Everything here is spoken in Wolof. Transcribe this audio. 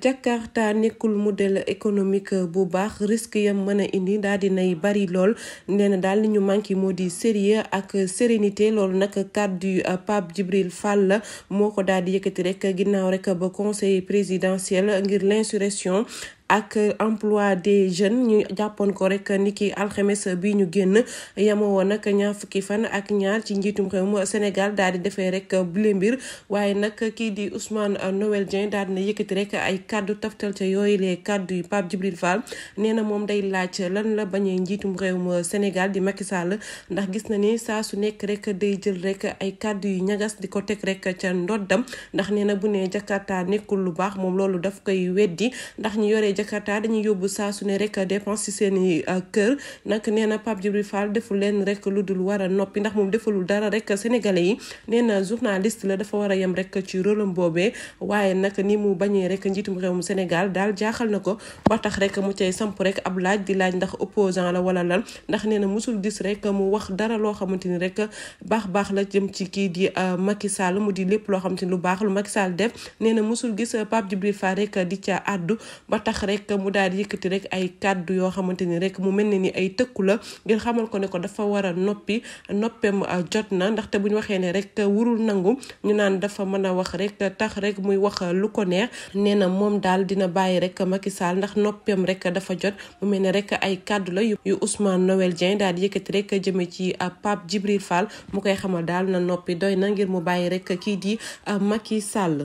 Jakarta nekkul modèle économique bu baax risque yam mën a indi daal dinay bari lool nee na daal li ñu manqué moo di sérieux ak sérénité loolu nag kàddu euh, Pape Djibril Fall la moo ko daal di yëkkati rek ginnaaw rek ba conseil présidentiel ngir l'insurrection ak emploi des jeunes ñu jàppoon ko rek ni ki alxames bi ñu génn yemoo woon nag ñaar fukki fan ak ñaar ci njiitum réewum Sénégal daal di defee rek bule mbir waaye nag kii di Ousmane Noël Dieng daal di rek ay kàddu taftal ca yooyu les kàddu yu Pape Djibril Fall nee na moom day laaj lan la bañee njiitum réewum Sénégal di Macky Sall ndax gis na ni saa su nekk rek day jël rek ay kàddu yu ñagas di ko teg rek ca ndoddam ndax nee na bu ne Jakarta nekkul lu baax moom loolu daf koy weddi ndax ñu yoree Jakarta dañuy yóbbu saa su ne rek dépense ci seeni i kër nag nee na Pape Djibril Fall deful leen rek lu dul war a noppi ndax moom defalul dara rek sénégalais yi nee na journaliste la dafa war a yem rek ci rôlam boobee waaye nag ni mu bañee rek njiitum mu Sénégal daal jaaxal na ko ba tax rek mu cay samp rek ab laaj di laaj ndax opposant la wala lan ndax nee na musul gis rek mu wax dara loo xamante ni rek baax baax la jëm ci kii di Macky Sall mu di lépp loo xamante ni lu baax lu Macky Sall def nee gis Pape Djibril Fall rek di rek mu daal di yëkkati rek ay kàddu yoo xamante ni rek mu mel ne ni ay tëkku la ngir xamal ko ne ko dafa war a noppi noppeem ah, jot na ndaxte bu ñu waxee ne rek wurul nangu ñu naan dafa mën a wax rek tax rek muy wax lu ko neex nee na moom daal dina bàyyi rek Macky Sall ndax noppeem rek dafa jot mu mel ne rek ay kàddu la yu Ousmane Noël Dieng daal di yëkkati rek jëme ci ah, Pape Djibril Fall mu koy xamal daal na noppi doy na ngir mu bàyyi rek kii di ah, Macky Sall